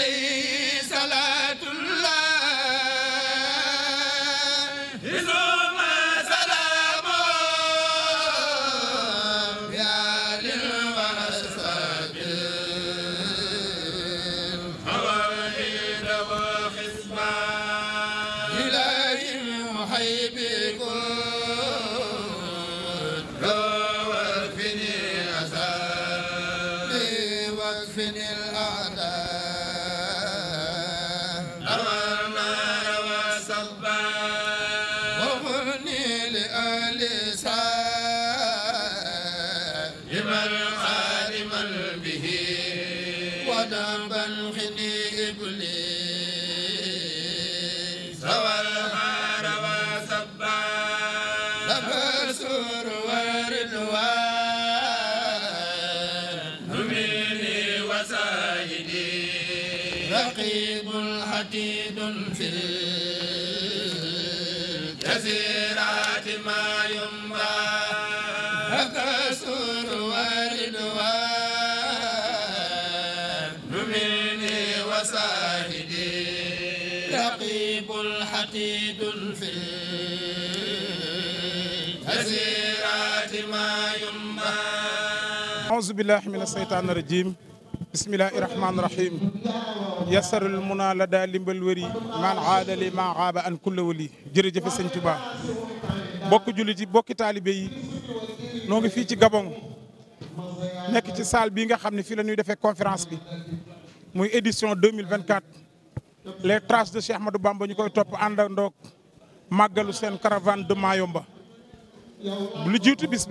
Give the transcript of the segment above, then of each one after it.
عليه الجزيرات ما يمضى هذا سور وردوان نمني وساهدي رقيب حقيد في الجزيرات ما يمضى أعوذ بالله من الشيطان الرجيم bismillahi rahmaani rahim yasarul muna la daa limbal wëri man aadali ma xaaba an kulla wali jërëjëfe sëñ Tuba bokki jullit yi bokki taalibe yi noo fii ci Gabon nekk ci salle bii nga xam ne fii la ñuy defee conférence bi muy édition 2024 les traces de Cheikh Ahmadou Bamba ñu koy topp àndandoog màggalu seen caravane de Mayumba lu jiitu bis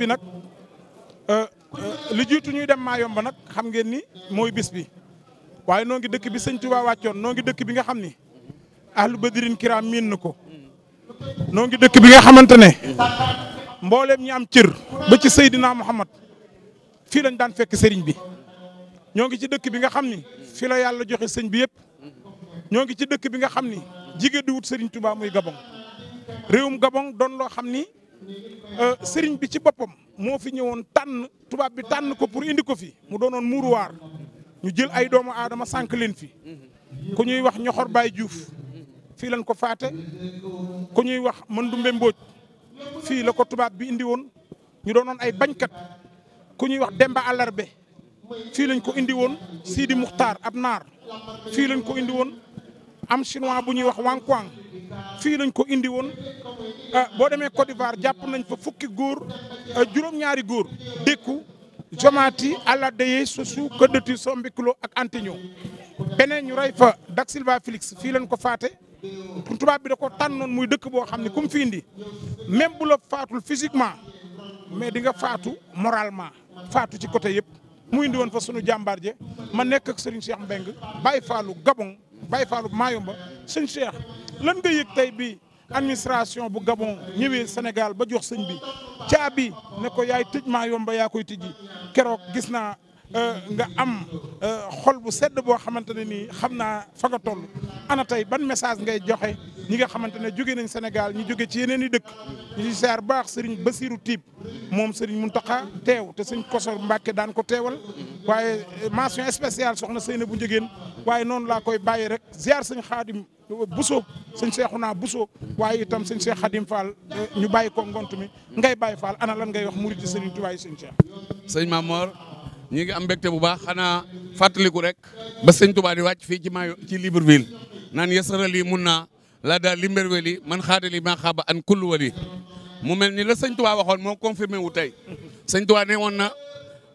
lu jiitu ñuy dem maa yomb nag xam ngeen ni mooy bis bi waaye noo ngi dëkk bi sëñ Tuubaa wàccoon noo ngi dëkk bi nga xam ni ahlu badirin kiraam miin na ko noo dëkk bi nga xamante ne mbooleem ñi am cër ba ci Seydina Muhammad fii lañ daan fekk sëriñ bi ñoo ngi ci dëkk bi nga xam ni fii la yàlla joxe sëñ bi yëpp ñoo ngi ci dëkk bi nga xam ni jigéen di wut sëriñ Tuubaa muy Gabon réewum Gabon doon loo xam ni Euh, sëriñ bi ci boppam moo fi ñëwoon tànn tubaab bi tànn ko pour indi ko fi mu doonoon muuruwaar ñu jël ay doomu aadama sànq leen fi ku ñuy wax ñoxor Baye Diouf fii lañ ko faate ku ñuy wax Mandumbe Mbóoj fii la ko tubaab bi indi woon ñu doon doonoon ay bañkat ku ñuy wax Demba be fii lañ ko indi woon Sidi Muxtaar ab naar fii lañ ko indi woon am chinois bu ñuy wax Wang Kwang fii lañ ko indi woon Euh, boo demee Côte d'Ivoire jàpp nañ fa fukki góor euh, juróom-ñaari góor dékku Jomati Alade Sossou Koudetti Sombiklo ak Antignon beneen ñu rey fa Dak Silva Félix fii lañ ko faate tubaab bi da ko tànnoon muy dëkk boo xam ne ku fii fi indi même bu la faatul physiquement mais di nga faatu moralement faatu ci côté yëpp mu indi woon fa sunu jàmbaar je ma nekk ak Serigne Cheikh Mbengue Baye Fallou Gabon Baye Fallou Mayomba sëñ Cheikh lan nga yëg tey bii. administration bu Gabon ñëwee Sénégal ba jox sëñ bi caabi ne ko yaay tëj maa yomba yaa koy tijji keroog gis naa euh, nga am euh, xol bu sedd boo xamante ne nii xam naa fa nga toll ana tey ban message ngay joxe ñi nga xamante ne jóge nañ Sénégal ñu jóge ci yeneen i dëkk ñu ci saar baax sëriñ Basiru Tiib moom sëriñ Muntaxa teew te sëñ Kosor Mbàkke daan ko teewal waaye euh, mention spéciale soxna Seyna bu njëgeen waaye noonu laa koy bàyyi rek ziar sëñ xaadim Buso sëñ Seexuna Buso waaye itam sëñ Seex Xaadim Fall ñu bàyyi ko ngont mi ngay bàyyi Fall ana lan ngay wax murid di sëriñ Tuubaa sëñ Seex sëñ moor ñu ngi am mbégte bu baax xanaa fàttaliku rek ba sëñ Tuubaa di wàcc fii ci maayo ci Libreville naan yasarali mun naa laa daal limberweli man xaadali maa xaaba an kullu wali mu mel ni la sëñ Tuubaa waxoon moo confirmé wu tey sëñ Tuubaa ne woon na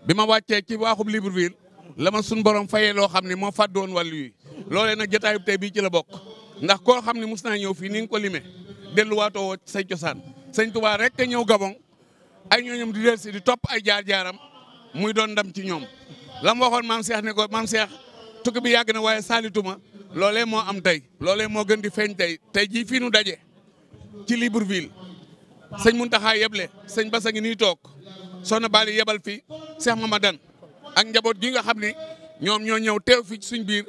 bi ma wàccee ci waaxub Libreville la ma suñ borom fayee loo xam ne moo fàddoon wàllu yi loolee nag jotaayub tey bii ci la bokk ndax koo xam ne mos naa ñëw fii ni nga ko limee delluwaatoo say cosaan sëñ Tuubaa rek a ñëw Gabon ay ñooñam di delsi di topp ay jaar-jaaram muy doon ndam ci ñoom lam waxoon maam Cheikh ne ko maam Cheikh tukki bi yàgg na waaye saalituma loole moo am tey loole moo gën di feeñ tey tey jii fii nu daje ci libre Libreville mun Muntaxa yeble sëñ Basa ngi nii toog soxna Bali yebal fi Cheikh ak njaboot gi nga xam ni ñoom ñoo ñëw teew fi suñ biir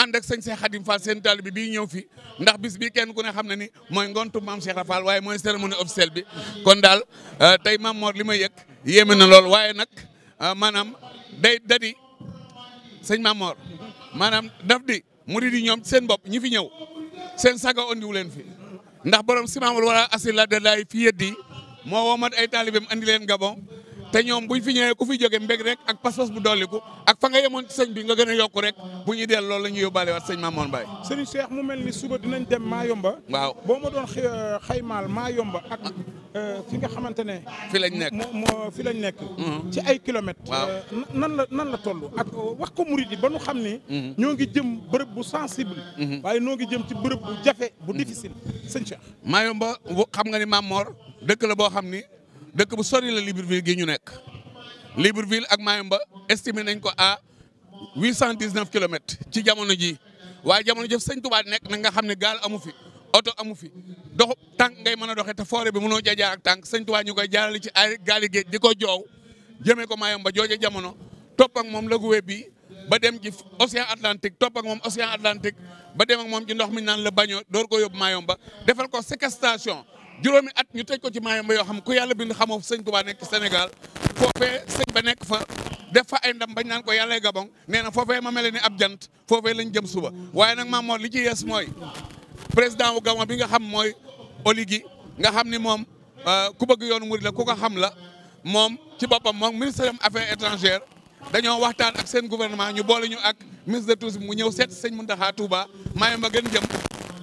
ànd ak sëñ see Khadim Fall seen taalibe bi ñëw fi ndax bis bi kenn ku ne xam ne ni mooy ngontu maam Cheikh Fall waaye mooy cérémonie officielle bi kon daal euh, tey maam Mor li ma yëg yéeme na lool waaye nag euh, maanaam day dadi sëñ maam Mor maanaam daf di murid yi ñoom seen bopp ñi fi ñëw seen saga andiwu leen fi ndax borom simaamul wala asila de laay fi yeddi moo woomat ay taalibeem andi leen Gabon te ñoom buñ fi ñëwee ku fi jóge mbeg rek ak pas-pas bu dolliku ak fa nga yemoon ci sëñ bi nga gën a yokku rek bu ñuy dellu loolu la ñuy yóbbaale waat sëñ Mamoon Baye sëñ Cheikh mu mel ni suba dinañ dem Mayumba waaw boo ma doon euh, xaymaal Mayumba ak ah. euh, fi nga xamante ne fi lañ nekk moo fi lañ nekk mm-hmm. ci ay kilomètres waaw euh, nan la nan la toll ak wax ko murid yi ba nu xam ni mm-hmm. ñoo ngi jëm bërëb bu sensible mm-hmm. waaye noo ngi jëm ci bërëb bu jafe bu difficile sëñ Cheikh Mayumba xam nga ni Mamor dëkk la boo xam ni dëkk bu sori la Libreville gi ñu nekk Libreville ak Mayumba estimé nañ ko à huit cent dix neuf kilomètres ci jamono ji waaye jamono jëf sëñ Touba nekk na nga xam ne gaal amu fi oto amu fi dox tànk ngay mën a doxee foore bi mënoo jajaar ak tànk sëñ Touba ñu koy jaarale ci ay gaali géej di ko joow jëmee ko Mayumba jooja jamono topp ak moom laguwee bi ba dem ci Océan Atlantique topp ak moom Océan Atlantique ba dem ak moom ci ndox mi naan la bañoo door ko yóbbu Mayumba defal ko séquestration juróomi at ñu tëj ko ci Mayumba yoo xam ku yàlla bind xamoo sëñ Touba nekk Sénégal foofee sëñ ba nekk fa def fa ay ndam bañ naan ko yàlla gabon nee na foofee ma mel ni ab jant foofee lañ jëm suba waaye nag maam Mor li ci yees mooy président wu gabon bi nga xam mooy Oligui nga xam ni moom euh, ku bëgg yoonu murid la ku ko xam la moom ci boppam moom ministre des affaires étrangères dañoo waxtaan ak seen gouvernement ñu boole ñu ak ministre de tourisme mu ñëw seet sëñ Mountakha Touba Mayumba gën jëm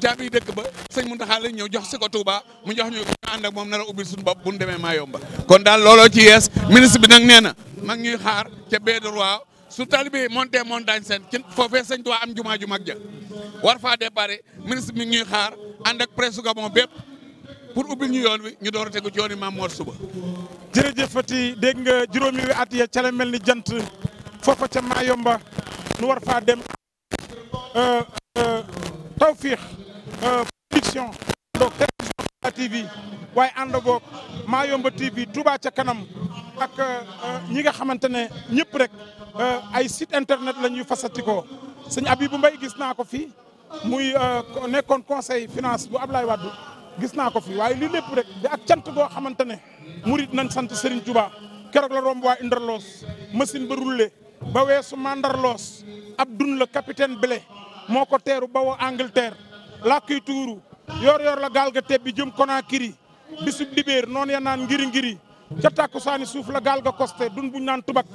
caabi dëkk ba sëñ Muntaxa lañ ñëw jox si ko Touba mu jox ñu ñu ànd ak moom nar a ubbil suñu bopp bu ñu demee Mayumba kon daal looloo ci yees ministre bi nag nee mag ñuy xaar ca Baie-de-Roi su talibé monté montagne seen ci foofee sëñ Touba am jumaa ju mag ja war faa déparé ministre bi ñuy xaar ànd ak presse Gabon bépp pour ubbil ñu yoon wi ñu door a tegu ci yoon wi maam Mor suba. jërëjëf Fati dégg nga juróomi wi at ya ca ni jant foofa ca Mayumba nu Euh, production donc télévision waaye ànd boog maa yomba TV Touba ca kanam ak euh, euh, ñi nga xamante ne ñëpp rek ay site internet la ñuy fasatikoo sëñ bu Mbaye gis naa ko fi muy nekkoon conseil finance bu Ablaye Wade gis naa ko fi waaye lii lépp rek di ak cant boo xamante ne murit nañ sant Serigne Touba keroog la romb waa Indarloos machine ba rulle ba weesu Mandarloos ab la capitaine Blé moo ko teeru ba woo Angleterre làkk yi tuuru yor yor la gaal ga tebbi jëm Conakry bisub libéer noonu ya naan ngiri ngiri ca tàkku saani suuf la gaal koste costé dun buñ naan tubak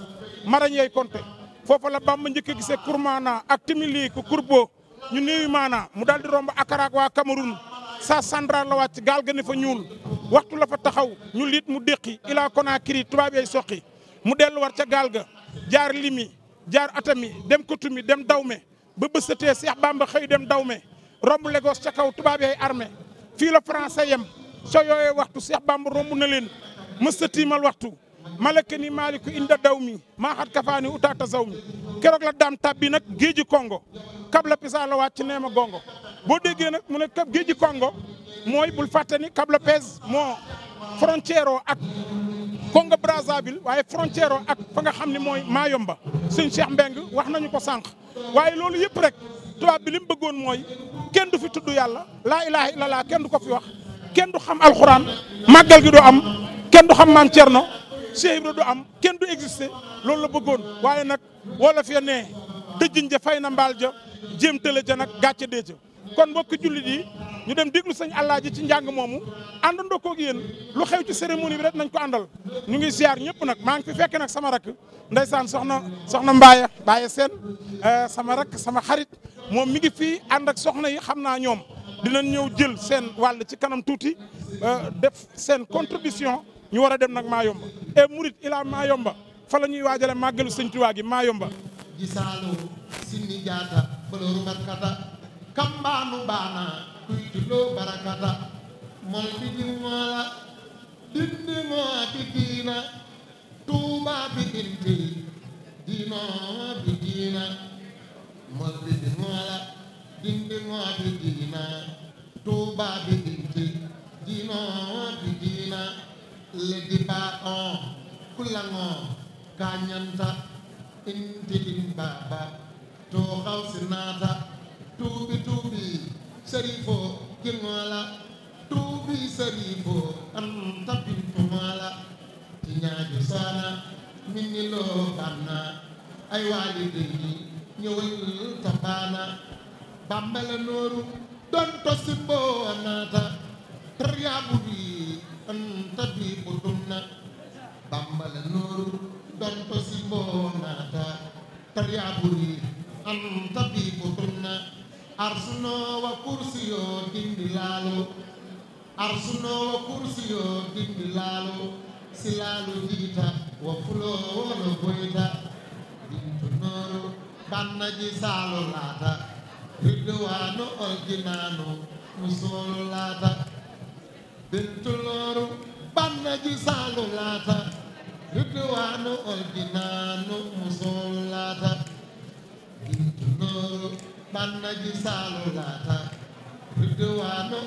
marañ yey konté foofa la Bamba njëkk a gisee kurmaana ak timili ko kurbo ñu néewi maana mu daal di romb akaraak waa Cameroun sa sandra la wàcc gaal ga ne fa ñuul waxtu la fa taxaw ñu liit mu déqi ilaa Conakry tubaab yay soqi mu dellu war ca gaal ga jaar limi jaar atami dem kotumi dem dawme ba bësatee Seex Bamba xëy dem dawme romb Lagos ca kaw tubaab yay armée fii la français yem soo yooyee waxtu Cheikh Bamba romb na leen mësta tiimal waxtu malaka ni maaliku inda daw mi maaxat kafaani utaata zaw mi keroog la daam tàbbi nag géeji Congo kab la ci la wàcc neem gongo boo déggee nag mu ne kab géeji Congo mooy bul fàtte ni kab la moo frontière ak Congo Brazzaville waaye frontière ak fa nga xam ne mooy Mayomba suñ Cheikh Mbeng wax nañu ko sànq waaye loolu yëpp rek tubaab bi li mu bëggoon mooy kenn du fi tudd yàlla laa ilaha illallah kenn du ko fi wax kenn du xam alxuraan màggal gi du am kenn du xam maam Cerno Cheikh du am kenn du existé loolu la bëggoon waaye nag wolof ya nee dëjjiñ ja fay na mbaal ja jéem tële ja nag gàcce dee ja kon mbokki jullit yi ñu dem déglu sëñ Alaaji ci njàng moomu àndandoo koog yéen lu xew ci cérémonie bi rek nañ ko àndal ñu ngi ziar ñëpp nag maa ngi fi fekk nag sama rakk ndeysaan soxna soxna Mbaye Mbaye seen euh, sama rakk sama xarit moom mi ngi fii ànd ak soxna yi xam naa ñoom dinañ ñëw jël seen wàll ci kanam tuuti euh, def seen contribution ñu war a dem nag Mayumba e eh, murit ilaa Mayumba fa la ñuy waajale màggalu sëñ Tuubaa gi Mayumba ji saalo sinni kuitilo barakata molbidimola dindimoati diina tuuba inti diinoo bi diina molbidimola dindimoati diina tuuba bi inti diinoo bi diina ledi ba on kulangon kañanta inti in baba to xaw tuubit sharifo kilmala tuubi sharifo an tabintu mala tiñaajo sana min ni loo ay waalide yi ñëwal tabaana bambala nooru don to sibboo naata tariyaabu na bambala nooru don to sibboo naata tariyaabu arsuno wa kursiyo dindi silaalu jiita wa fulo wolo boyta dintunooru bannaji laata ridduwaanu orjinaanu musoolu laata dintunooru bannaji laata ridduwaanu orjinaanu musoolu bannaji saalu laata ridwaanu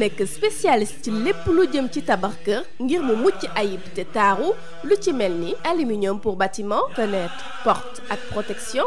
nekk spécialiste ci lépp lu jëm ci tabax kër ngir mu mucc ayib te taaru lu ci mel ni aluminium pour bâtiment fenêtre porte ak protection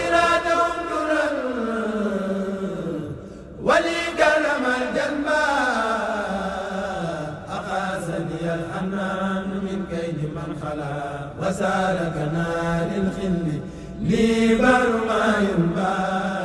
وسار كنار الخل لي برما ينبع